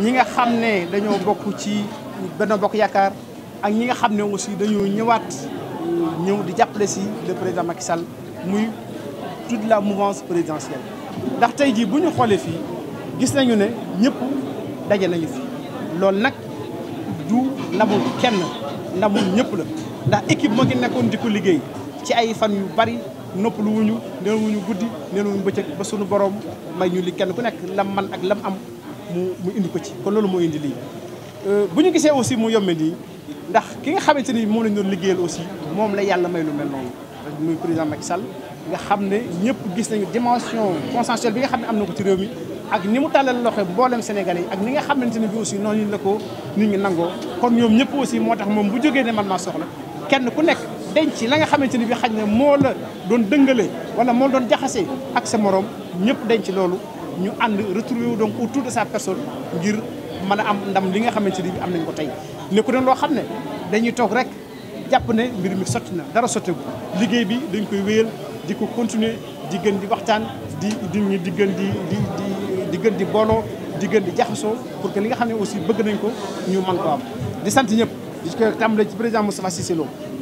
ñi nga xam ne dañoo bokk ci benn bokk yakar ak ñi nga xam aussi dañoo ñëwaat ñëw di jappalé ci le président Macky Sall muy toute la mouvance présidentielle. ndax tey jii bu ñu xoolee gis nañu ne ñëpp dajé nañu fi lool nak du nabu kenn ndamul ñëpp la ndax équipe mo ngi nekkoon di ko liggéey ci ay fan yu bari noppalu wuñu neen wuñu guddi neen wuñu ba suñu borom may ñu li kenn ku nekk lam man ak lam am. mu mu indi ko ci kon loolu moo indi lii euh, bu ñu gisee aussi mu yombe nii ndax ki nga xamante ni moom lañ doon liggéeyal aussi moom la yàlla may lu mel noonu muy président Macky Sall nga xam ne ñëpp gis nañu dimension consensuelle bi nga xam ne am na ko ci réew mi ak ni mu tàllal loxo mboolem sénégal yi ak ni nga xamante ne bi aussi noonu la ko nit ñi nangoo kon ñoom ñëpp aussi moo tax moom bu jógee ne man maa soxla kenn ku nekk denc la nga xamante ni bi xaj na moo la doon dëngale wala moo la doon jaxase ak sa morom ñëpp denc loolu ñu ànd retrouvé wu donc tout de sa personne ngir man a am ndam li nga xamante ni am nañ ko tey nekku doon loo xam ne dañuy toog rek jàpp ne mbir mi sotti na dara sottegu liggéey bi dañ koy wéyal di ko continuer di gën di waxtaan di di di gën di di di di booloo di gën di jaxasoo pour que li nga xam ne aussi bëgg nañ ko ñu man ko am di sant ñëpp di ko tàmbalee ci président Moustapha Cissé Lo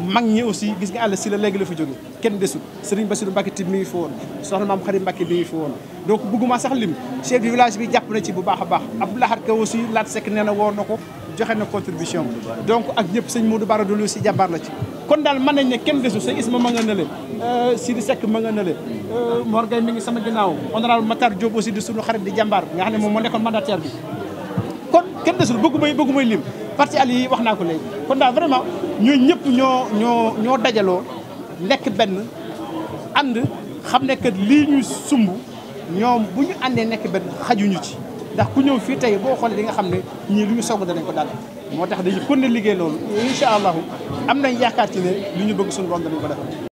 mag ñi aussi gis nga àll si la léegi la fi jóge kenn desul Serigne Bassirou Mbacké Tib mi ngi fi woon soxna maam Xarim Mbacké mi fi woon donc bëgguma sax lim chef du village bi jàpp na ci bu baax a baax Abdou Lahad Ka aussi laat sekk nee na woo na ko joxe na contribution donc ak ñëpp sëñ Modou Bara Dolly si jàmbaar la ci kon daal mën nañ ne kenn desul sëñ Isma ma nga nële euh, Sidi Seck ma nga nële euh, Mor Gueye mi ngi sama ginnaaw honorable Matar Diop aussi moom moo nekkoon mandataire bi kon kenn desul parti alliés yi wax naa ko léegi kon daal vraiment ñoo ñëpp ñoo ñoo ñoo dajaloo nekk benn and xam ne que lii ñu sumb ñoom bu ñu àndee nekk benn xajuñu ci ndax ku ñëw fii tey boo xoolee di nga xam ne ñii lu ñu song danañ ko daal moo tax dañuy kon ne liggéey loolu incha allahu am nañ yaakaar ci ne li ñu bëgg suñu borom danañ ko def